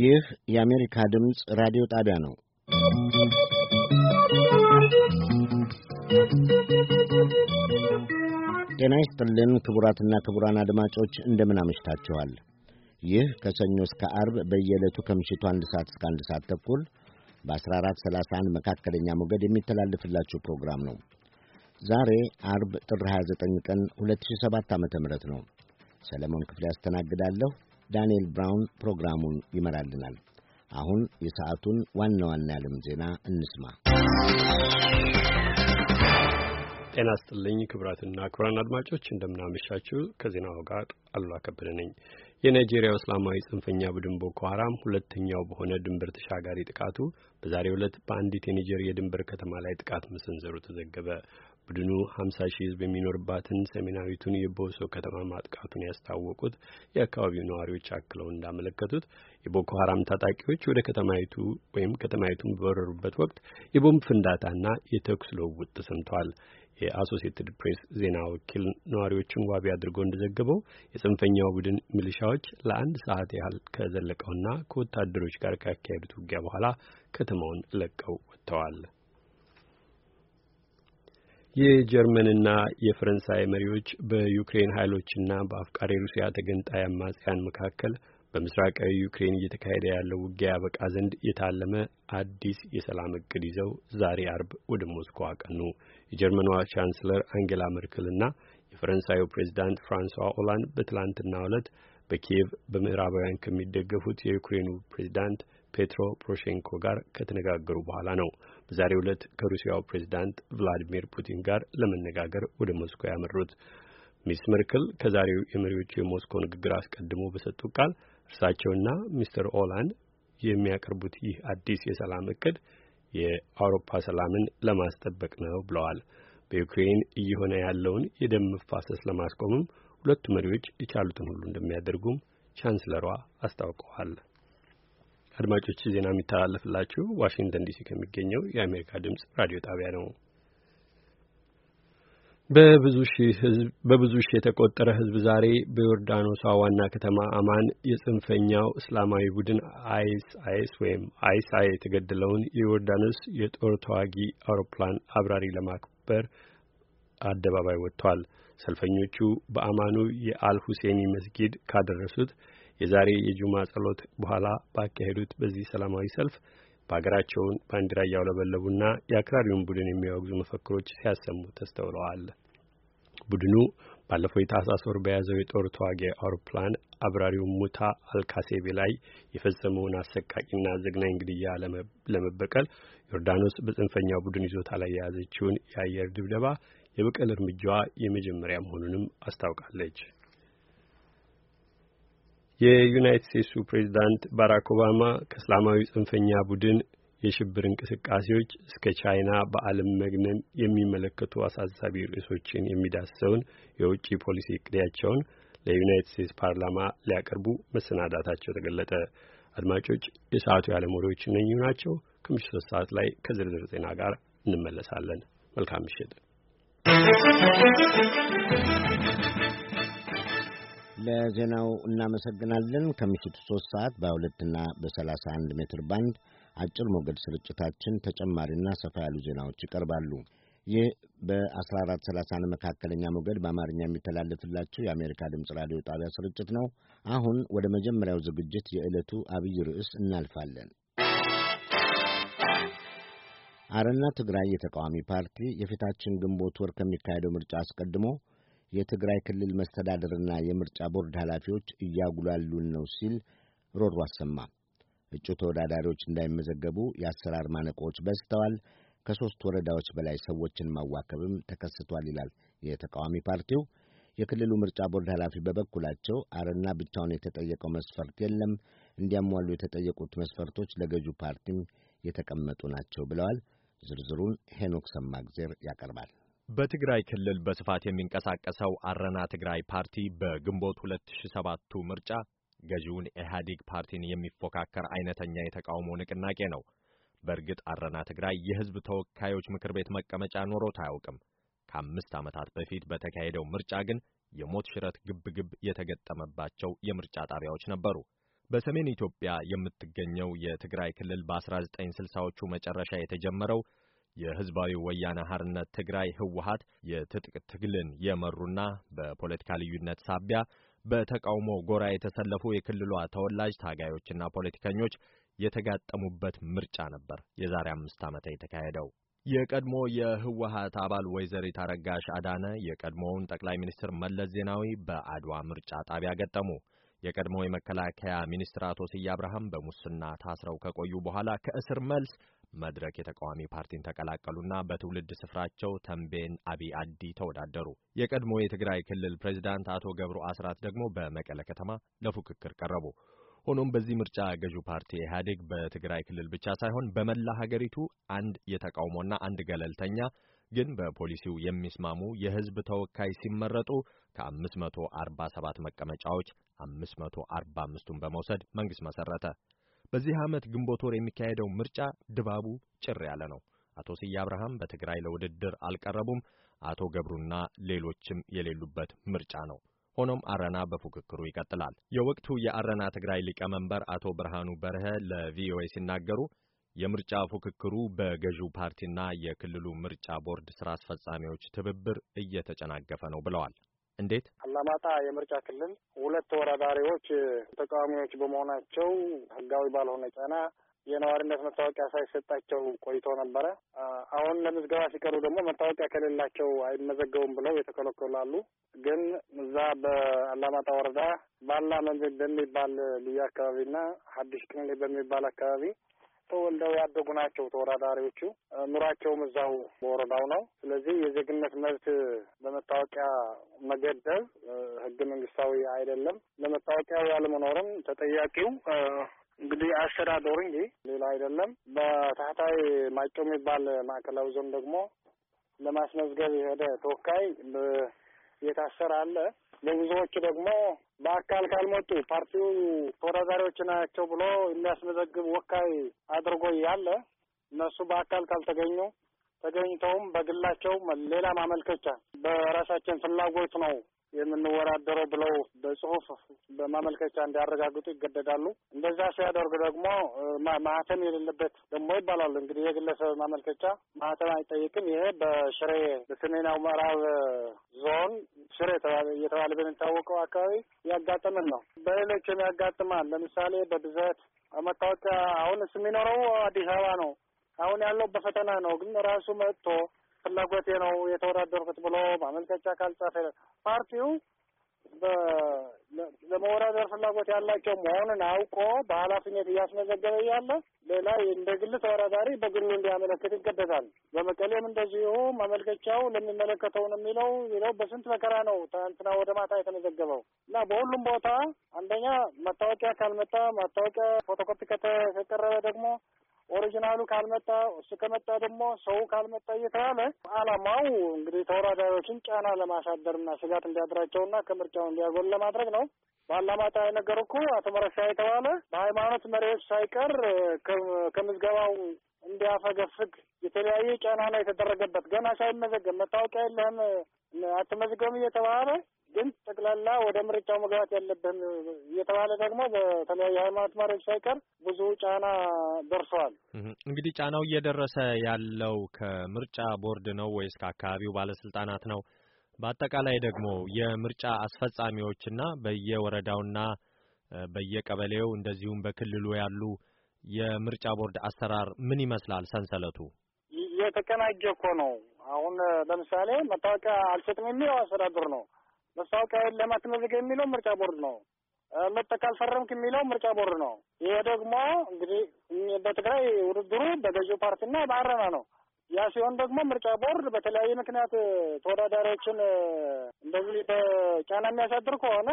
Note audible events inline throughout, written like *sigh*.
ይህ የአሜሪካ ድምፅ ራዲዮ ጣቢያ ነው። ጤና ይስጥልን ክቡራትና ክቡራን አድማጮች እንደምን አመሽታችኋል። ይህ ከሰኞ እስከ አርብ በየዕለቱ ከምሽቱ አንድ ሰዓት እስከ አንድ ሰዓት ተኩል በ1431 መካከለኛ ሞገድ የሚተላልፍላችሁ ፕሮግራም ነው። ዛሬ አርብ ጥር 29 ቀን 2007 ዓ ም ነው። ሰለሞን ክፍሌ ያስተናግዳለሁ። ዳንኤል ብራውን ፕሮግራሙን ይመራልናል። አሁን የሰዓቱን ዋና ዋና የዓለም ዜና እንስማ። ጤና ስጥልኝ ክቡራትና ክቡራን አድማጮች እንደምናመሻችሁ። ከዜናው ጋር አሉላ ከበደ ነኝ። የናይጄሪያው እስላማዊ ጽንፈኛ ቡድን ቦኮ ሀራም ሁለተኛው በሆነ ድንበር ተሻጋሪ ጥቃቱ በዛሬው ዕለት በአንዲት የኒጀር የድንበር ከተማ ላይ ጥቃት መሰንዘሩ ተዘገበ። ቡድኑ 50 ሺህ ሕዝብ የሚኖርባትን ሰሜናዊቱን የቦሶ ከተማ ማጥቃቱን ያስታወቁት የአካባቢው ነዋሪዎች አክለው እንዳመለከቱት የቦኮ ሀራም ታጣቂዎች ወደ ከተማይቱ ወይም ከተማይቱን በወረሩበት ወቅት የቦምብ ፍንዳታና የተኩስ ልውውጥ ተሰምተዋል። የአሶሲየትድ ፕሬስ ዜና ወኪል ነዋሪዎችን ዋቢ አድርጎ እንደዘገበው የጽንፈኛው ቡድን ሚሊሻዎች ለአንድ ሰዓት ያህል ከዘለቀውና ከወታደሮች ጋር ካካሄዱት ውጊያ በኋላ ከተማውን ለቀው ወጥተዋል። የጀርመንና የፈረንሳይ መሪዎች በዩክሬን ኃይሎችና በአፍቃሪ ሩሲያ ተገንጣይ አማጽያን መካከል በምስራቃዊ ዩክሬን እየተካሄደ ያለው ውጊያ ያበቃ ዘንድ የታለመ አዲስ የሰላም እቅድ ይዘው ዛሬ አርብ ወደ ሞስኮ አቀኑ። የጀርመኗ ቻንስለር አንጌላ እና የፈረንሳዩ ፕሬዚዳንት ፍራንሷ ኦላንድ በትላንትና ዕለት በኪየቭ በምዕራባውያን ከሚደገፉት የዩክሬኑ ፕሬዚዳንት ፔትሮ ፖሮሼንኮ ጋር ከተነጋገሩ በኋላ ነው በዛሬው ዕለት ከሩሲያው ፕሬዚዳንት ቭላዲሚር ፑቲን ጋር ለመነጋገር ወደ ሞስኮ ያመሩት። ሚስ መርክል ከዛሬው የመሪዎቹ የሞስኮ ንግግር አስቀድሞ በሰጡት ቃል እርሳቸውና ሚስተር ኦላንድ የሚያቀርቡት ይህ አዲስ የሰላም እቅድ የአውሮፓ ሰላምን ለማስጠበቅ ነው ብለዋል። በዩክሬን እየሆነ ያለውን የደም መፋሰስ ለማስቆምም ሁለቱ መሪዎች የቻሉትን ሁሉ እንደሚያደርጉም ቻንስለሯ አስታውቀዋል። አድማጮች ዜና የሚተላለፍላችሁ ዋሽንግተን ዲሲ ከሚገኘው የአሜሪካ ድምጽ ራዲዮ ጣቢያ ነው። በብዙ ሺህ የተቆጠረ ህዝብ ዛሬ በዮርዳኖሷ ዋና ከተማ አማን የጽንፈኛው እስላማዊ ቡድን አይስ አይስ ወይም አይ የተገደለውን የዮርዳኖስ የጦር ተዋጊ አውሮፕላን አብራሪ ለማክበር አደባባይ ወጥቷል። ሰልፈኞቹ በአማኑ የአል ሁሴኒ መስጊድ ካደረሱት የዛሬ የጁማ ጸሎት በኋላ ባካሄዱት በዚህ ሰላማዊ ሰልፍ በሀገራቸውን ባንዲራ እያውለበለቡና የአክራሪውን ቡድን የሚያወግዙ መፈክሮች ሲያሰሙ ተስተውለዋል። ቡድኑ ባለፈው የታህሳስ ወር በያዘው የጦር ተዋጊ አውሮፕላን አብራሪው ሙታ አልካሴቤ ላይ የፈጸመውን አሰቃቂና ዘግናኝ ግድያ ለመበቀል ዮርዳኖስ በጽንፈኛው ቡድን ይዞታ ላይ የያዘችውን የአየር ድብደባ የበቀል እርምጃዋ የመጀመሪያ መሆኑንም አስታውቃለች። የዩናይትድ ስቴትሱ ፕሬዚዳንት ባራክ ኦባማ ከእስላማዊ ጽንፈኛ ቡድን የሽብር እንቅስቃሴዎች እስከ ቻይና በዓለም መግነን የሚመለከቱ አሳሳቢ ርዕሶችን የሚዳስሰውን የውጭ ፖሊሲ እቅዳቸውን ለዩናይትድ ስቴትስ ፓርላማ ሊያቀርቡ መሰናዳታቸው ተገለጠ። አድማጮች፣ የሰዓቱ የዓለም ወሬዎች ናቸው። ከምሽቱ ሶስት ሰዓት ላይ ከዝርዝር ዜና ጋር እንመለሳለን። መልካም ምሽት። ለዜናው እናመሰግናለን። ከምሽቱ ሶስት ሰዓት በሁለትና በሰላሳ አንድ ሜትር ባንድ አጭር ሞገድ ስርጭታችን ተጨማሪና ሰፋ ያሉ ዜናዎች ይቀርባሉ። ይህ በ1430 መካከለኛ ሞገድ በአማርኛ የሚተላለፍላችሁ የአሜሪካ ድምፅ ራዲዮ ጣቢያ ስርጭት ነው። አሁን ወደ መጀመሪያው ዝግጅት የዕለቱ አብይ ርዕስ እናልፋለን። አረና ትግራይ የተቃዋሚ ፓርቲ የፊታችን ግንቦት ወር ከሚካሄደው ምርጫ አስቀድሞ የትግራይ ክልል መስተዳድርና የምርጫ ቦርድ ኃላፊዎች እያጉላሉን ነው ሲል ሮሮ አሰማ። እጩ ተወዳዳሪዎች እንዳይመዘገቡ የአሰራር ማነቆዎች በዝተዋል፣ ከሦስት ወረዳዎች በላይ ሰዎችን ማዋከብም ተከስቷል ይላል የተቃዋሚ ፓርቲው። የክልሉ ምርጫ ቦርድ ኃላፊ በበኩላቸው አረና ብቻውን የተጠየቀው መስፈርት የለም፣ እንዲያሟሉ የተጠየቁት መስፈርቶች ለገዢው ፓርቲም የተቀመጡ ናቸው ብለዋል። ዝርዝሩን ሄኖክ ሰማግዜር ያቀርባል። በትግራይ ክልል በስፋት የሚንቀሳቀሰው አረና ትግራይ ፓርቲ በግንቦት 2007ቱ ምርጫ ገዢውን ኢህአዴግ ፓርቲን የሚፎካከር አይነተኛ የተቃውሞ ንቅናቄ ነው። በእርግጥ አረና ትግራይ የህዝብ ተወካዮች ምክር ቤት መቀመጫ ኖሮት አያውቅም። ከአምስት ዓመታት በፊት በተካሄደው ምርጫ ግን የሞት ሽረት ግብግብ የተገጠመባቸው የምርጫ ጣቢያዎች ነበሩ። በሰሜን ኢትዮጵያ የምትገኘው የትግራይ ክልል በ1960ዎቹ መጨረሻ የተጀመረው የህዝባዊ ወያነ ሐርነት ትግራይ ህወሀት የትጥቅ ትግልን የመሩና በፖለቲካ ልዩነት ሳቢያ በተቃውሞ ጎራ የተሰለፉ የክልሏ ተወላጅ ታጋዮችና ፖለቲከኞች የተጋጠሙበት ምርጫ ነበር የዛሬ አምስት ዓመት የተካሄደው። የቀድሞ የህወሀት አባል ወይዘሪት አረጋሽ አዳነ የቀድሞውን ጠቅላይ ሚኒስትር መለስ ዜናዊ በአድዋ ምርጫ ጣቢያ ገጠሙ። የቀድሞ የመከላከያ ሚኒስትር አቶ ስዬ አብርሃም በሙስና ታስረው ከቆዩ በኋላ ከእስር መልስ መድረክ የተቃዋሚ ፓርቲን ተቀላቀሉና በትውልድ ስፍራቸው ተንቤን አቢ አዲ ተወዳደሩ። የቀድሞ የትግራይ ክልል ፕሬዚዳንት አቶ ገብሩ አስራት ደግሞ በመቀለ ከተማ ለፉክክር ቀረቡ። ሆኖም በዚህ ምርጫ ገዢው ፓርቲ ኢህአዴግ በትግራይ ክልል ብቻ ሳይሆን በመላ ሀገሪቱ አንድ የተቃውሞና አንድ ገለልተኛ ግን በፖሊሲው የሚስማሙ የህዝብ ተወካይ ሲመረጡ ከ547 መቀመጫዎች 545ቱን በመውሰድ መንግስት መሰረተ። በዚህ ዓመት ግንቦት ወር የሚካሄደው ምርጫ ድባቡ ጭር ያለ ነው። አቶ ስዬ አብርሃም በትግራይ ለውድድር አልቀረቡም። አቶ ገብሩና ሌሎችም የሌሉበት ምርጫ ነው። ሆኖም አረና በፉክክሩ ይቀጥላል። የወቅቱ የአረና ትግራይ ሊቀመንበር አቶ ብርሃኑ በርሀ ለቪኦኤ ሲናገሩ የምርጫ ፉክክሩ በገዢው ፓርቲና የክልሉ ምርጫ ቦርድ ስራ አስፈጻሚዎች ትብብር እየተጨናገፈ ነው ብለዋል። እንዴት አላማጣ የምርጫ ክልል ሁለት ተወዳዳሪዎች ተቃዋሚዎች በመሆናቸው ህጋዊ ባልሆነ ጫና የነዋሪነት መታወቂያ ሳይሰጣቸው ቆይቶ ነበረ። አሁን ለምዝገባ ሲቀሩ ደግሞ መታወቂያ ከሌላቸው አይመዘገቡም ብለው የተከለከላሉ። ግን እዛ በአላማጣ ወረዳ ባላ በሚባል ልዩ አካባቢና ሀዲሽ ቅንሌ በሚባል አካባቢ ተወልደው ያደጉ ናቸው ተወዳዳሪዎቹ። ኑሯቸውም እዛው በወረዳው ነው። ስለዚህ የዜግነት መብት በመታወቂያ መገደብ ህገ መንግስታዊ አይደለም። ለመታወቂያው ያለመኖርም ተጠያቂው እንግዲህ አስተዳደሩ እንጂ ሌላ አይደለም። በታህታይ ማጮ የሚባል ማዕከላዊ ዞን ደግሞ ለማስመዝገብ የሄደ ተወካይ የታሰረ አለ። ለብዙዎቹ ደግሞ በአካል ካልመጡ ፓርቲው ተወዳዳሪዎች ናቸው ብሎ የሚያስመዘግብ ወካይ አድርጎ ያለ እነሱ በአካል ካልተገኙ ተገኝተውም በግላቸው ሌላ ማመልከቻ በራሳችን ፍላጎት ነው የምንወዳደረው ብለው በጽሁፍ በማመልከቻ እንዲያረጋግጡ ይገደዳሉ። እንደዛ ሲያደርጉ ደግሞ ማህተም የሌለበት ደግሞ ይባላሉ። እንግዲህ የግለሰብ ማመልከቻ ማህተም አይጠይቅም። ይሄ በሽሬ በሰሜናዊ ምዕራብ ዞን ሽሬ እየተባለ በሚታወቀው አካባቢ ያጋጠምን ነው። በሌሎችም ያጋጥማል። ለምሳሌ በብዛት መታወቂያ አሁን የሚኖረው አዲስ አበባ ነው። አሁን ያለው በፈተና ነው። ግን ራሱ መጥቶ ፍላጎቴ ነው የተወዳደርኩት ብሎ ማመልከቻ ካልጻፈ ፓርቲው ለመወዳደር ፍላጎት ያላቸው መሆኑን አውቆ በኃላፊነት እያስመዘገበ ያለ ሌላ እንደ ግል ተወዳዳሪ በግሉ እንዲያመለክት ይገደዳል። በመቀሌም እንደዚሁ ማመልከቻው ለሚመለከተው ነው የሚለው ይለው በስንት መከራ ነው ትናንትና ወደ ማታ የተመዘገበው እና በሁሉም ቦታ አንደኛ መታወቂያ ካልመጣ ማታወቂያ ፎቶኮፒ ከተቀረበ ደግሞ ኦሪጂናሉ ካልመጣ እሱ ከመጣ ደግሞ ሰው ካልመጣ እየተባለ አላማው እንግዲህ ተወዳዳሪዎችን ጫና ለማሳደርና ስጋት እንዲያድራቸውና ከምርጫው እንዲያጎል ለማድረግ ነው። ባላማጣ የነገር እኮ አቶ መረሻ የተባለ በሃይማኖት መሪዎች ሳይቀር ከምዝገባው እንዲያፈገፍግ የተለያየ ጫና ነው የተደረገበት። ገና ሳይመዘገብ መታወቂያ የለህም አትመዝገብም እየተባለ ግን ጠቅላላ ወደ ምርጫው መግባት ያለብህም እየተባለ ደግሞ በተለያዩ ሃይማኖት መሪዎች ሳይቀር ብዙ ጫና ደርሰዋል። እንግዲህ ጫናው እየደረሰ ያለው ከምርጫ ቦርድ ነው ወይስ ከአካባቢው ባለስልጣናት ነው? በአጠቃላይ ደግሞ የምርጫ አስፈጻሚዎችና በየወረዳውና በየቀበሌው እንደዚሁም በክልሉ ያሉ የምርጫ ቦርድ አሰራር ምን ይመስላል? ሰንሰለቱ የተቀናጀ እኮ ነው። አሁን ለምሳሌ መታወቂያ አልሰጥም የሚለው አስተዳደር ነው። መታወቂያውን ለማስመዝገብ የሚለው ምርጫ ቦርድ ነው። መጥተህ ካልፈረምክ የሚለው ምርጫ ቦርድ ነው። ይሄ ደግሞ እንግዲህ በትግራይ ውድድሩ በገዢው ፓርቲና በአረና ነው። ያ ሲሆን ደግሞ ምርጫ ቦርድ በተለያየ ምክንያት ተወዳዳሪዎችን እንደዚህ ጫና የሚያሳድር ከሆነ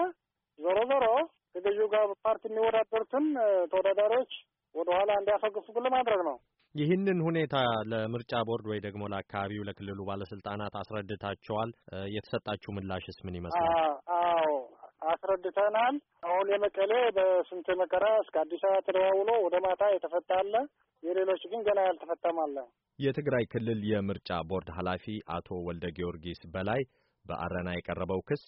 ዞሮ ዞሮ ከገዢው ጋር ፓርቲ የሚወዳደሩትን ተወዳዳሪዎች ወደኋላ እንዲያፈግፉ ለማድረግ ነው። ይህንን ሁኔታ ለምርጫ ቦርድ ወይ ደግሞ ለአካባቢው ለክልሉ ባለስልጣናት አስረድታቸዋል? የተሰጣችሁ ምላሽስ ምን ይመስላል? አዎ አስረድተናል። አሁን የመቀሌ በስንት መከራ እስከ አዲስ አበባ ተደዋውሎ ወደ ማታ የተፈታ አለ፣ የሌሎች ግን ገና ያልተፈታም አለ። የትግራይ ክልል የምርጫ ቦርድ ኃላፊ አቶ ወልደ ጊዮርጊስ በላይ በአረና የቀረበው ክስ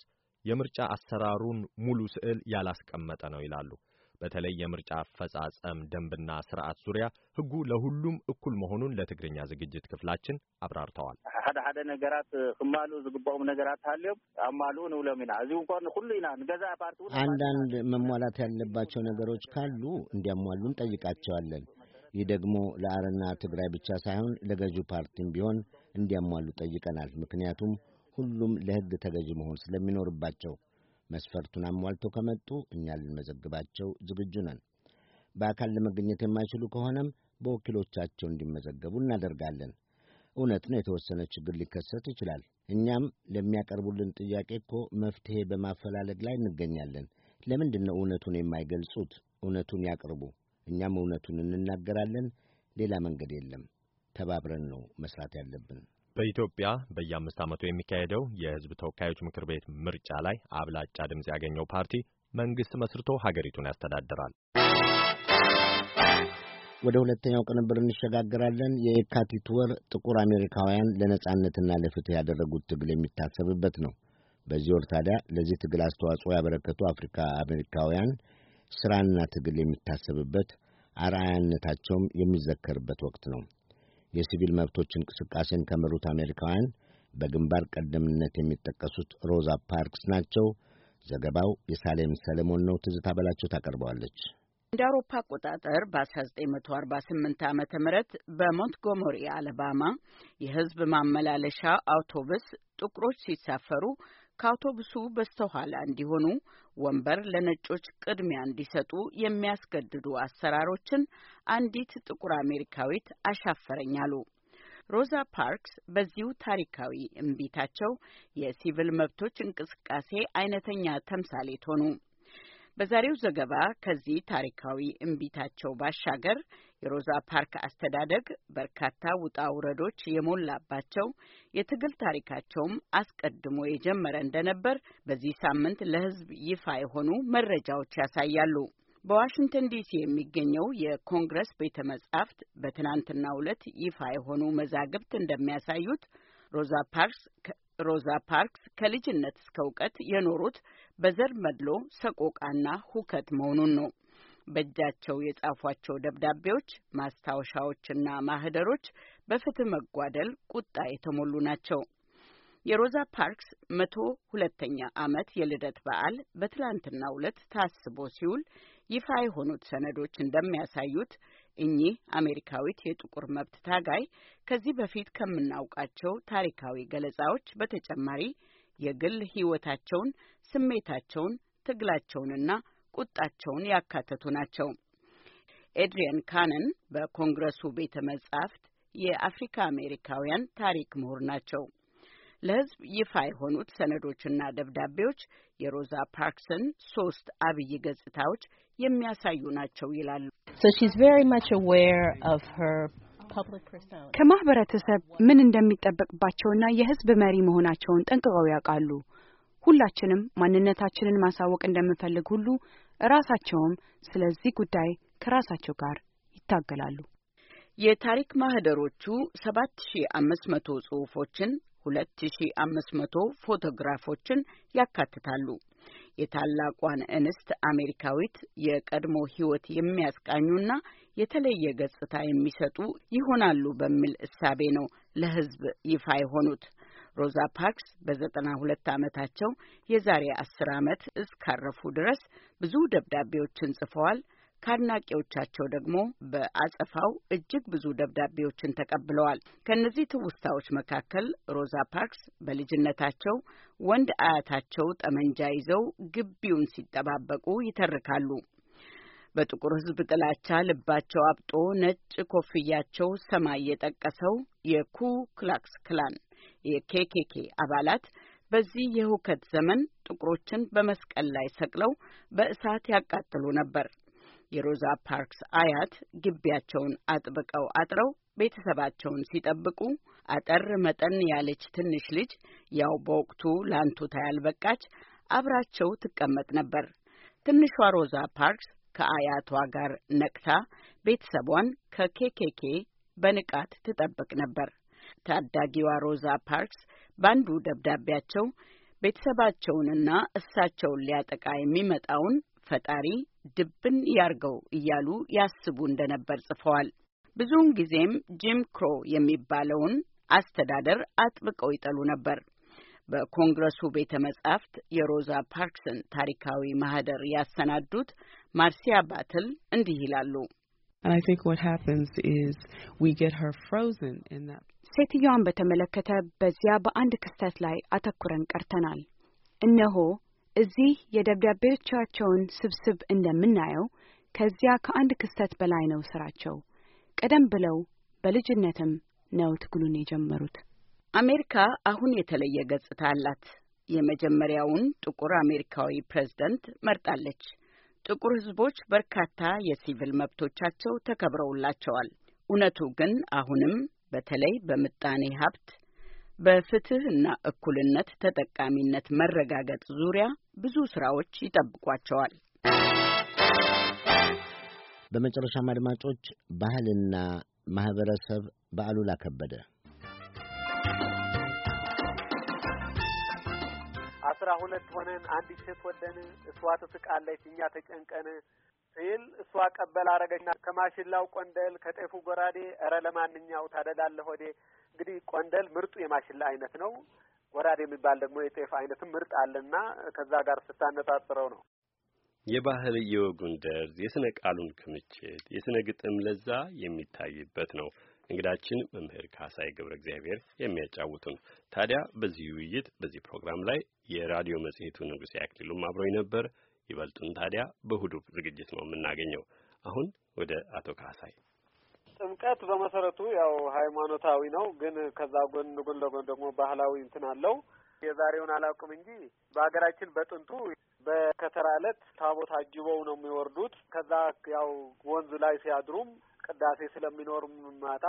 የምርጫ አሰራሩን ሙሉ ስዕል ያላስቀመጠ ነው ይላሉ። በተለይ የምርጫ አፈጻጸም ደንብና ስርዓት ዙሪያ ህጉ ለሁሉም እኩል መሆኑን ለትግርኛ ዝግጅት ክፍላችን አብራርተዋል። ሓደ ሓደ ነገራት ክማሉ ዝግባኦም ነገራት ሃልዮም ኣማልኡ ንብሎም ኢና እዚ እንኳን ኩሉ ኢና ንገዛ ፓርቲ አንዳንድ መሟላት ያለባቸው ነገሮች ካሉ እንዲያሟሉ እንጠይቃቸዋለን። ይህ ደግሞ ለአረና ትግራይ ብቻ ሳይሆን ለገዢው ፓርቲም ቢሆን እንዲያሟሉ ጠይቀናል። ምክንያቱም ሁሉም ለሕግ ተገዥ መሆን ስለሚኖርባቸው መስፈርቱን አሟልተው ከመጡ እኛ ልንመዘግባቸው ዝግጁ ነን። በአካል ለመገኘት የማይችሉ ከሆነም በወኪሎቻቸው እንዲመዘገቡ እናደርጋለን። እውነት ነው፣ የተወሰነ ችግር ሊከሰት ይችላል። እኛም ለሚያቀርቡልን ጥያቄ እኮ መፍትሔ በማፈላለግ ላይ እንገኛለን። ለምንድን ነው እውነቱን የማይገልጹት? እውነቱን ያቅርቡ፣ እኛም እውነቱን እንናገራለን። ሌላ መንገድ የለም። ተባብረን ነው መስራት ያለብን። በኢትዮጵያ በየአምስት ዓመቱ የሚካሄደው የሕዝብ ተወካዮች ምክር ቤት ምርጫ ላይ አብላጫ ድምፅ ያገኘው ፓርቲ መንግስት መስርቶ ሀገሪቱን ያስተዳድራል። ወደ ሁለተኛው ቅንብር እንሸጋግራለን። የየካቲት ወር ጥቁር አሜሪካውያን ለነጻነትና ለፍትህ ያደረጉት ትግል የሚታሰብበት ነው። በዚህ ወር ታዲያ ለዚህ ትግል አስተዋጽኦ ያበረከቱ አፍሪካ አሜሪካውያን ስራና ትግል የሚታሰብበት አርአያነታቸውም የሚዘከርበት ወቅት ነው። የሲቪል መብቶች እንቅስቃሴን ከመሩት አሜሪካውያን በግንባር ቀደምነት የሚጠቀሱት ሮዛ ፓርክስ ናቸው። ዘገባው የሳሌም ሰለሞን ነው። ትዝታ በላቸው ታቀርበዋለች። እንደ አውሮፓ አቆጣጠር በ1948 ዓ ም በሞንትጎሞሪ አለባማ የህዝብ ማመላለሻ አውቶቡስ ጥቁሮች ሲሳፈሩ ከአውቶቡሱ በስተኋላ እንዲሆኑ፣ ወንበር ለነጮች ቅድሚያ እንዲሰጡ የሚያስገድዱ አሰራሮችን አንዲት ጥቁር አሜሪካዊት አሻፈረኝ አሉ። ሮዛ ፓርክስ በዚሁ ታሪካዊ እምቢታቸው የሲቪል መብቶች እንቅስቃሴ አይነተኛ ተምሳሌት ሆኑ። በዛሬው ዘገባ ከዚህ ታሪካዊ እምቢታቸው ባሻገር የሮዛ ፓርክ አስተዳደግ በርካታ ውጣ ውረዶች የሞላባቸው የትግል ታሪካቸውም አስቀድሞ የጀመረ እንደነበር በዚህ ሳምንት ለሕዝብ ይፋ የሆኑ መረጃዎች ያሳያሉ። በዋሽንግተን ዲሲ የሚገኘው የኮንግረስ ቤተ መጻሕፍት በትናንትናው ዕለት ይፋ የሆኑ መዛግብት እንደሚያሳዩት ሮዛ ፓርክስ ሮዛ ፓርክስ ከልጅነት እስከ እውቀት የኖሩት በዘር መድሎ ሰቆቃና ሁከት መሆኑን ነው። በእጃቸው የጻፏቸው ደብዳቤዎች፣ ማስታወሻዎችና ማህደሮች በፍትህ መጓደል ቁጣ የተሞሉ ናቸው። የሮዛ ፓርክስ መቶ ሁለተኛ ዓመት የልደት በዓል በትላንትናው ዕለት ታስቦ ሲውል ይፋ የሆኑት ሰነዶች እንደሚያሳዩት እኚህ አሜሪካዊት የጥቁር መብት ታጋይ ከዚህ በፊት ከምናውቃቸው ታሪካዊ ገለጻዎች በተጨማሪ የግል ሕይወታቸውን፣ ስሜታቸውን፣ ትግላቸውንና ቁጣቸውን ያካተቱ ናቸው። ኤድሪያን ካነን በኮንግረሱ ቤተ መጻሕፍት የአፍሪካ አሜሪካውያን ታሪክ ምሁር ናቸው። ለሕዝብ ይፋ የሆኑት ሰነዶችና ደብዳቤዎች የሮዛ ፓርክስን ሶስት አብይ ገጽታዎች የሚያሳዩ ናቸው ይላሉ። ከማህበረተሰብ ምን እንደሚጠበቅባቸውና የሕዝብ መሪ መሆናቸውን ጠንቅቀው ያውቃሉ። ሁላችንም ማንነታችንን ማሳወቅ እንደምንፈልግ ሁሉ ራሳቸውም ስለዚህ ጉዳይ ከራሳቸው ጋር ይታገላሉ። የታሪክ ማህደሮቹ 7500 ጽሑፎችን፣ 2500 ፎቶግራፎችን ያካትታሉ። የታላቋን እንስት አሜሪካዊት የቀድሞ ህይወት የሚያስቃኙና የተለየ ገጽታ የሚሰጡ ይሆናሉ በሚል እሳቤ ነው ለህዝብ ይፋ የሆኑት። ሮዛ ፓርክስ በዘጠና ሁለት ዓመታቸው የዛሬ አስር ዓመት እስካረፉ ድረስ ብዙ ደብዳቤዎችን ጽፈዋል። ከአድናቂዎቻቸው ደግሞ በአጸፋው እጅግ ብዙ ደብዳቤዎችን ተቀብለዋል። ከእነዚህ ትውስታዎች መካከል ሮዛ ፓርክስ በልጅነታቸው ወንድ አያታቸው ጠመንጃ ይዘው ግቢውን ሲጠባበቁ ይተርካሉ። በጥቁር ሕዝብ ጥላቻ ልባቸው አብጦ ነጭ ኮፍያቸው ሰማይ የጠቀሰው የኩ ክላክስ ክላን የኬኬኬ አባላት በዚህ የሁከት ዘመን ጥቁሮችን በመስቀል ላይ ሰቅለው በእሳት ያቃጥሉ ነበር። የሮዛ ፓርክስ አያት ግቢያቸውን አጥብቀው አጥረው ቤተሰባቸውን ሲጠብቁ አጠር መጠን ያለች ትንሽ ልጅ ያው በወቅቱ ላንቱታ ያልበቃች አብራቸው ትቀመጥ ነበር። ትንሿ ሮዛ ፓርክስ ከአያቷ ጋር ነቅታ ቤተሰቧን ከኬኬኬ በንቃት ትጠብቅ ነበር። ታዳጊዋ ሮዛ ፓርክስ በአንዱ ደብዳቤያቸው ቤተሰባቸውንና እሳቸውን ሊያጠቃ የሚመጣውን ፈጣሪ ድብን ያርገው እያሉ ያስቡ እንደነበር ጽፈዋል። ብዙውን ጊዜም ጂም ክሮ የሚባለውን አስተዳደር አጥብቀው ይጠሉ ነበር። በኮንግረሱ ቤተ መጻሕፍት የሮዛ ፓርክስን ታሪካዊ ማህደር ያሰናዱት ማርሲያ ባትል እንዲህ ይላሉ። ሴትዮዋን በተመለከተ በዚያ በአንድ ክስተት ላይ አተኩረን ቀርተናል። እነሆ እዚህ የደብዳቤዎቻቸውን ስብስብ እንደምናየው ከዚያ ከአንድ ክስተት በላይ ነው ስራቸው። ቀደም ብለው በልጅነትም ነው ትግሉን የጀመሩት። አሜሪካ አሁን የተለየ ገጽታ አላት። የመጀመሪያውን ጥቁር አሜሪካዊ ፕሬዝደንት መርጣለች። ጥቁር ሕዝቦች በርካታ የሲቪል መብቶቻቸው ተከብረውላቸዋል። እውነቱ ግን አሁንም በተለይ በምጣኔ ሀብት፣ በፍትህ እና እኩልነት ተጠቃሚነት መረጋገጥ ዙሪያ ብዙ ስራዎች ይጠብቋቸዋል። በመጨረሻም አድማጮች፣ ባህልና ማህበረሰብ በአሉላ ከበደ አስራ ሁለት ሆነን አንድ ሴት ወደን፣ እሷ ትስቃለች፣ እኛ ተጨንቀን ሲል እሷ ቀበል አረገችና ከማሽላው ቆንደል ከጤፉ ጎራዴ እረ ለማንኛው ታደላለህ ሆዴ እንግዲህ ቆንደል ምርጡ የማሽላ አይነት ነው። ጎራዴ የሚባል ደግሞ የጤፍ አይነትም ምርጥ አለና ከዛ ጋር ስታነጻጽረው ነው የባህል የወጉን ደርዝ የስነ ቃሉን ክምችት የስነ ግጥም ለዛ የሚታይበት ነው። እንግዳችን መምህር ካሳይ ገብረ እግዚአብሔር የሚያጫውቱን። ታዲያ በዚህ ውይይት በዚህ ፕሮግራም ላይ የራዲዮ መጽሔቱ ንጉሴ አክሊሉም አብሮኝ ነበር። ይበልጡን ታዲያ በእሁዱ ዝግጅት ነው የምናገኘው። አሁን ወደ አቶ ካሳይ ጥምቀት በመሰረቱ ያው ሃይማኖታዊ ነው፣ ግን ከዛ ጎን ጎን ለጎን ደግሞ ባህላዊ እንትን አለው። የዛሬውን አላውቅም እንጂ በሀገራችን በጥንቱ በከተራ ዕለት ታቦት አጅበው ነው የሚወርዱት። ከዛ ያው ወንዝ ላይ ሲያድሩም ቅዳሴ ስለሚኖር ማታ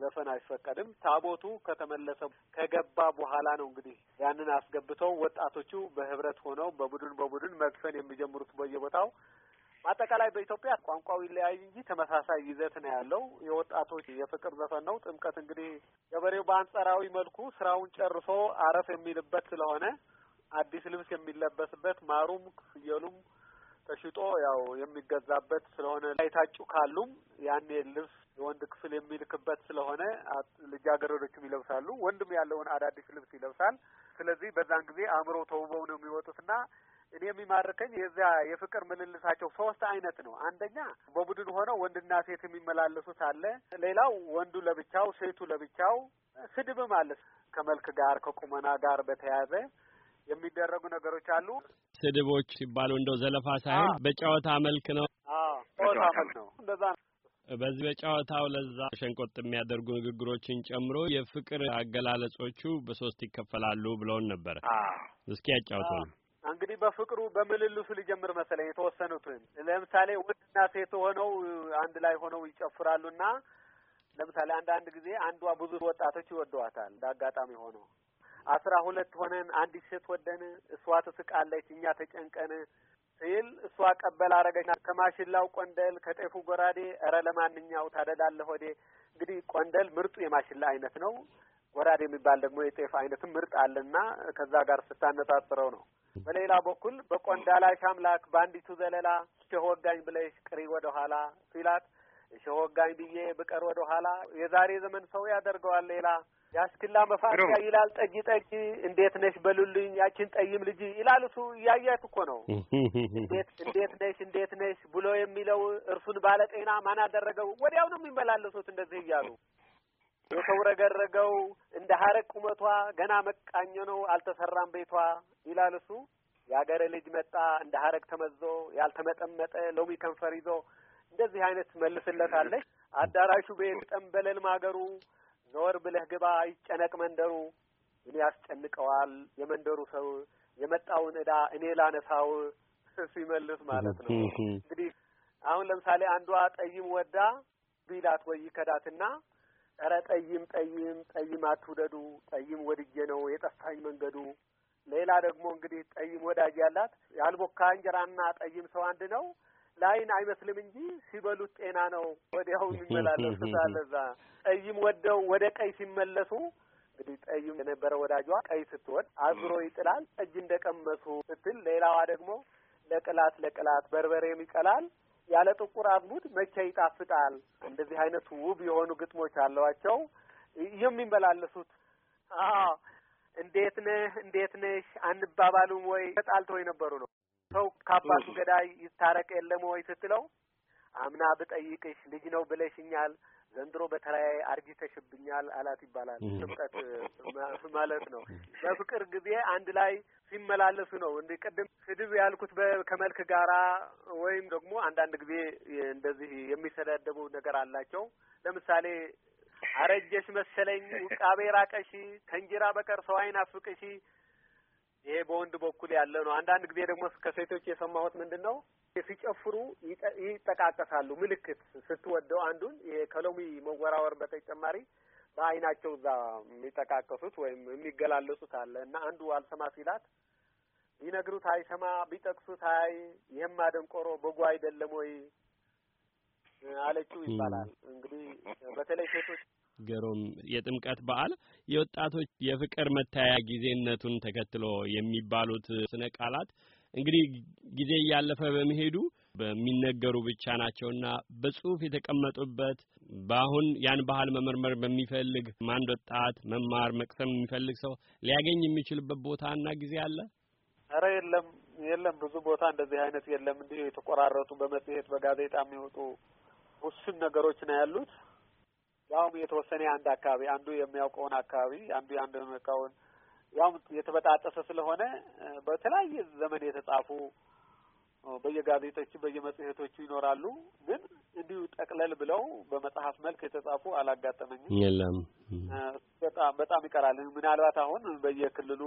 ዘፈን አይፈቀድም። ታቦቱ ከተመለሰ ከገባ በኋላ ነው እንግዲህ ያንን አስገብተው ወጣቶቹ በህብረት ሆነው በቡድን በቡድን መግፈን የሚጀምሩት በየቦታው። በአጠቃላይ በኢትዮጵያ ቋንቋው ይለያይ እንጂ ተመሳሳይ ይዘት ነው ያለው። የወጣቶች የፍቅር ዘፈን ነው። ጥምቀት እንግዲህ ገበሬው በአንጸራዊ መልኩ ስራውን ጨርሶ አረፍ የሚልበት ስለሆነ አዲስ ልብስ የሚለበስበት ማሩም ፍየሉም ተሽጦ ያው የሚገዛበት ስለሆነ ላይታጩ ካሉም ያኔ ልብስ የወንድ ክፍል የሚልክበት ስለሆነ ልጃገረዶችም ይለብሳሉ። ወንድም ያለውን አዳዲስ ልብስ ይለብሳል። ስለዚህ በዛን ጊዜ አእምሮ ተውበው ነው የሚወጡትና እኔ የሚማርከኝ የዚያ የፍቅር ምልልሳቸው ሶስት አይነት ነው። አንደኛ በቡድን ሆነው ወንድና ሴት የሚመላለሱት አለ። ሌላው ወንዱ ለብቻው፣ ሴቱ ለብቻው። ስድብም አለ ከመልክ ጋር ከቁመና ጋር በተያያዘ የሚደረጉ ነገሮች አሉ። ስድቦች ሲባሉ እንደው ዘለፋ ሳይሆን በጨዋታ መልክ ነው። ጨዋታ መልክ ነው። እንደዛ ነው። በዚህ በጨዋታው ለዛ ሸንቆጥ የሚያደርጉ ንግግሮችን ጨምሮ የፍቅር አገላለጾቹ በሶስት ይከፈላሉ ብለውን ነበር። እስኪ ያጫውቱ እንግዲህ በፍቅሩ በምልልሱ ሊጀምር መሰለኝ። የተወሰኑትን ለምሳሌ ወንድና ሴት ሆነው አንድ ላይ ሆነው ይጨፍራሉና ለምሳሌ አንዳንድ ጊዜ አንዷ ብዙ ወጣቶች ይወደዋታል። እንደ አጋጣሚ ሆኖ አስራ ሁለት ሆነን አንዲት ሴት ወደን፣ እሷ ትስቃለች፣ እኛ ተጨንቀን ሲል እሷ ቀበል አረገችና ከማሽላው ቆንደል ከጤፉ ጎራዴ እረ ለማንኛው ታደላለህ ሆዴ። እንግዲህ ቆንደል ምርጡ የማሽላ አይነት ነው። ጎራዴ የሚባል ደግሞ የጤፍ አይነትም ምርጥ አለና ከዛ ጋር ስታነጻጽረው ነው። በሌላ በኩል በቆንዳላሽ አምላክ በአንዲቱ ዘለላ ወጋኝ ብለሽ ቅሪ ወደኋላ ሲላት ሸወጋኝ ብዬ ብቀር ወደ ኋላ የዛሬ ዘመን ሰው ያደርገዋል ሌላ ያስክላ መፋቂያ ይላል። ጠጅ ጠጅ እንዴት ነሽ በሉልኝ ያችን ጠይም ልጅ ይላል። እሱ እያያት እኮ ነው። እንዴት እንዴት ነሽ እንዴት ነሽ ብሎ የሚለው እርሱን ባለጤና ማን አደረገው? ወዲያው ነው የሚመላለሱት እንደዚህ እያሉ የተውረገረገው እንደ ሀረግ ቁመቷ ገና መቃኘ ነው አልተሰራም ቤቷ ይላል እሱ። የአገረ ልጅ መጣ እንደ ሀረግ ተመዞ ያልተመጠመጠ ሎሚ ከንፈር ይዞ እንደዚህ አይነት መልስለታለች። አዳራሹ ቤት ጠንበለል ማገሩ ዘወር ብለህ ግባ ይጨነቅ መንደሩ እኔ ያስጨንቀዋል የመንደሩ ሰው የመጣውን እዳ እኔ ላነሳው *laughs* ሲመልስ ማለት ነው። እንግዲህ አሁን ለምሳሌ አንዷ ጠይም ወዳ ቢላት ወይ ከዳትና ኧረ ጠይም ጠይም ጠይም አትውደዱ ጠይም ወድጄ ነው የጠፋኝ መንገዱ። ሌላ ደግሞ እንግዲህ ጠይም ወዳጅ ያላት ያልቦካ እንጀራና ጠይም ሰው አንድ ነው ለአይን አይመስልም እንጂ ሲበሉት ጤና ነው። ወዲያው *laughs* ይመላለሱታል። እዛ ጠይም ወደው ወደ ቀይ ሲመለሱ እንግዲህ ጠይም የነበረ ወዳጇ ቀይ ስትወድ አዝሮ ይጥላል። ጠጅ እንደቀመሱ ስትል ሌላዋ ደግሞ ለቅላት ለቅላት በርበሬም ይቀላል ያለ ጥቁር አዝሙድ መቼ ይጣፍጣል። እንደዚህ አይነት ውብ የሆኑ ግጥሞች አለዋቸው የሚንበላለሱት። እንዴት ነህ እንዴት ነሽ አንባባሉም ወይ ተጣልተው የነበሩ ነው። ሰው ከአባቱ ገዳይ ይታረቅ የለም ወይ ስትለው አምና ብጠይቅሽ ልጅ ነው ብለሽኛል፣ ዘንድሮ በተለያየ አርጅተሽብኛል አላት ይባላል። ጥምቀት ማለት ነው። በፍቅር ጊዜ አንድ ላይ ሲመላለሱ ነው። እንደ ቅድም ስድብ ያልኩት ከመልክ ጋራ ወይም ደግሞ አንዳንድ ጊዜ እንደዚህ የሚሰዳደቡ ነገር አላቸው። ለምሳሌ አረጀሽ መሰለኝ፣ ውቃቤ ራቀሺ፣ ከእንጀራ በቀር ሰው አይናፍቅሺ ይሄ በወንድ በኩል ያለ ነው። አንዳንድ ጊዜ ደግሞ ከሴቶች የሰማሁት ምንድን ነው ሲጨፍሩ ይጠቃቀሳሉ። ምልክት ስትወደው አንዱን ይሄ ከሎሚ መወራወር በተጨማሪ በአይናቸው እዛ የሚጠቃቀሱት ወይም የሚገላለጹት አለ እና አንዱ አልሰማ ሲላት ቢነግሩት አይሰማ፣ ቢጠቅሱት አይ ይህማ ደንቆሮ በጎ አይደለም ወይ አለችው ይባላል። እንግዲህ በተለይ ሴቶች ገሮም የጥምቀት በዓል የወጣቶች የፍቅር መታያ ጊዜነቱን ተከትሎ የሚባሉት ስነ ቃላት እንግዲህ ጊዜ እያለፈ በመሄዱ በሚነገሩ ብቻ ናቸውና በጽሁፍ የተቀመጡበት በአሁን ያን ባህል መመርመር በሚፈልግ ማንድ ወጣት መማር መቅሰም የሚፈልግ ሰው ሊያገኝ የሚችልበት ቦታና ጊዜ አለ? ኧረ የለም የለም፣ ብዙ ቦታ እንደዚህ አይነት የለም። እንዲሁ የተቆራረጡ በመጽሔት በጋዜጣ የሚወጡ ውስን ነገሮች ነው ያሉት። ያውም የተወሰነ የአንድ አካባቢ አንዱ የሚያውቀውን አካባቢ አንዱ የአንድ የሚያውቀውን ያውም የተበጣጠሰ ስለሆነ በተለያየ ዘመን የተጻፉ በየጋዜጦች በየመጽሔቶቹ ይኖራሉ። ግን እንዲሁ ጠቅለል ብለው በመጽሐፍ መልክ የተጻፉ አላጋጠመኝም። የለም፣ በጣም በጣም ይቀራል። ምናልባት አሁን በየክልሉ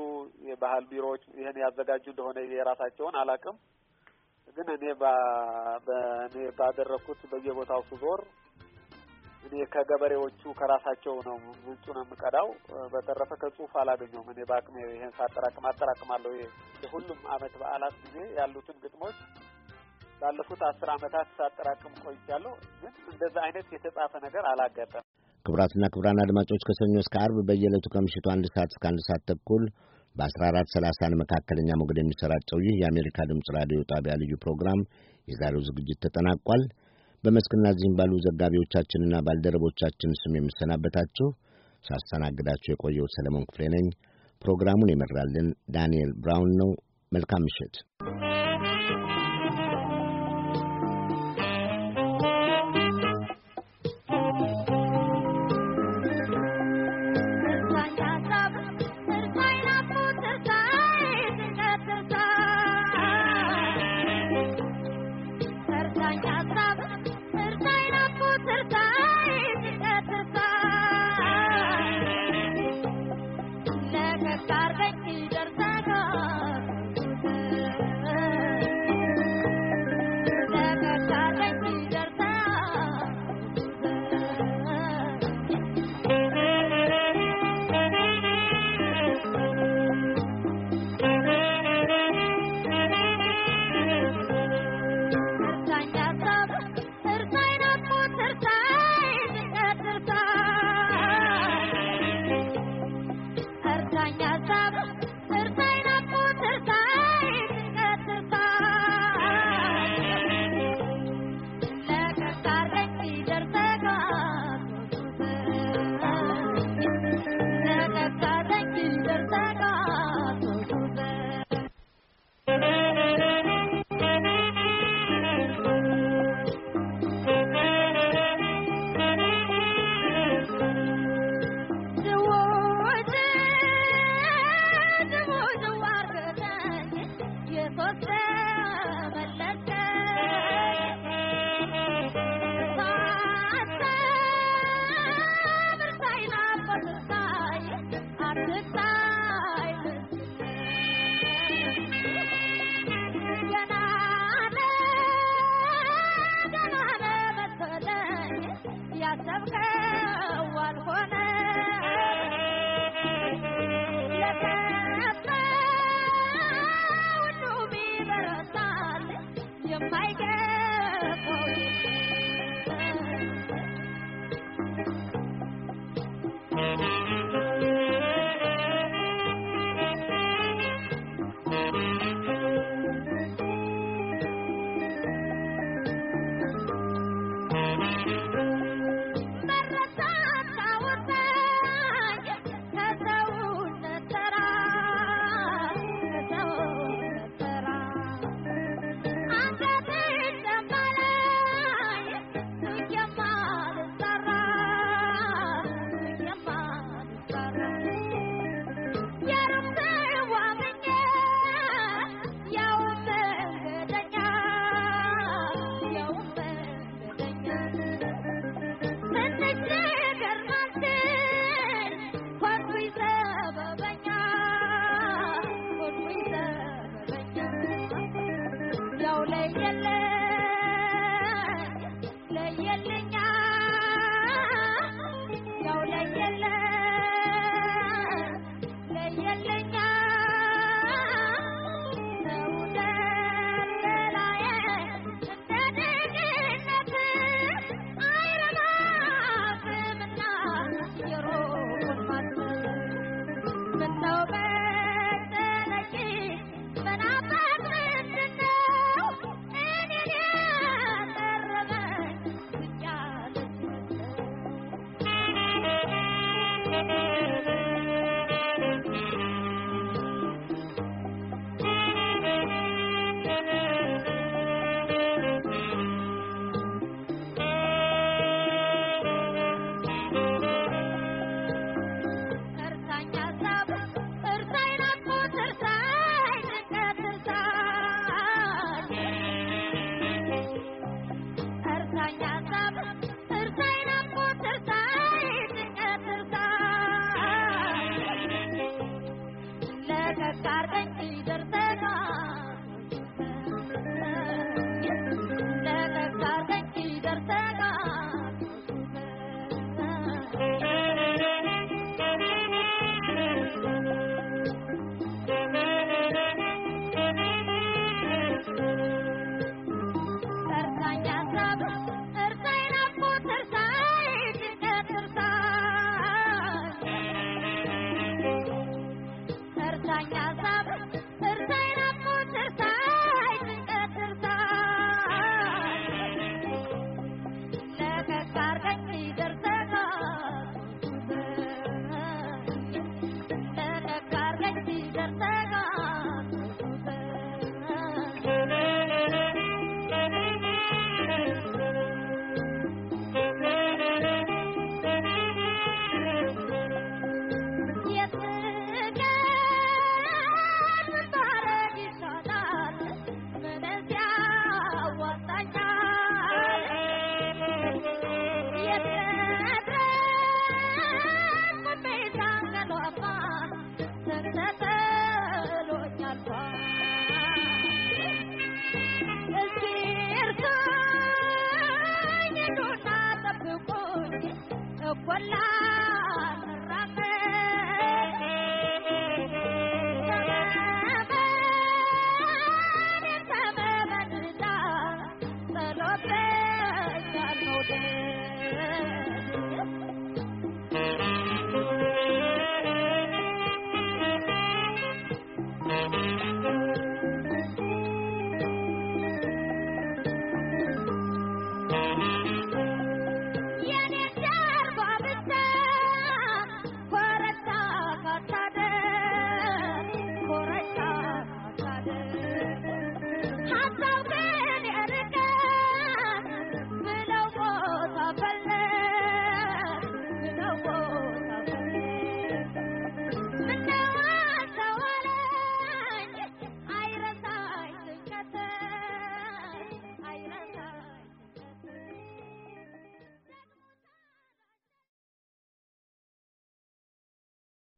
የባህል ቢሮዎች ይህን ያዘጋጁ እንደሆነ የራሳቸውን አላቅም። ግን እኔ ባደረግኩት በየቦታው ስዞር እኔ ከገበሬዎቹ ከራሳቸው ነው ምንጩ ነው የምቀዳው። በተረፈ ከጽሁፍ አላገኘውም። እኔ በአቅሜ ይህን ሳጠራቅም አጠራቅማለሁ። የሁሉም አመት በዓላት ጊዜ ያሉትን ግጥሞች ባለፉት አስር አመታት ሳጠራቅም ቆይቻለሁ። ግን እንደዛ አይነት የተጻፈ ነገር አላጋጠም። ክቡራትና ክቡራን አድማጮች ከሰኞ እስከ አርብ በየዕለቱ ከምሽቱ አንድ ሰዓት እስከ አንድ ሰዓት ተኩል በ1430 መካከለኛ ሞገድ የሚሰራጨው ይህ የአሜሪካ ድምፅ ራዲዮ ጣቢያ ልዩ ፕሮግራም የዛሬው ዝግጅት ተጠናቋል። በመስክና እዚህም ባሉ ዘጋቢዎቻችንና ባልደረቦቻችን ስም የምሰናበታችሁ ሳስተናግዳችሁ የቆየው ሰለሞን ክፍሌ ነኝ። ፕሮግራሙን የመራልን ዳንኤል ብራውን ነው። መልካም ምሽት።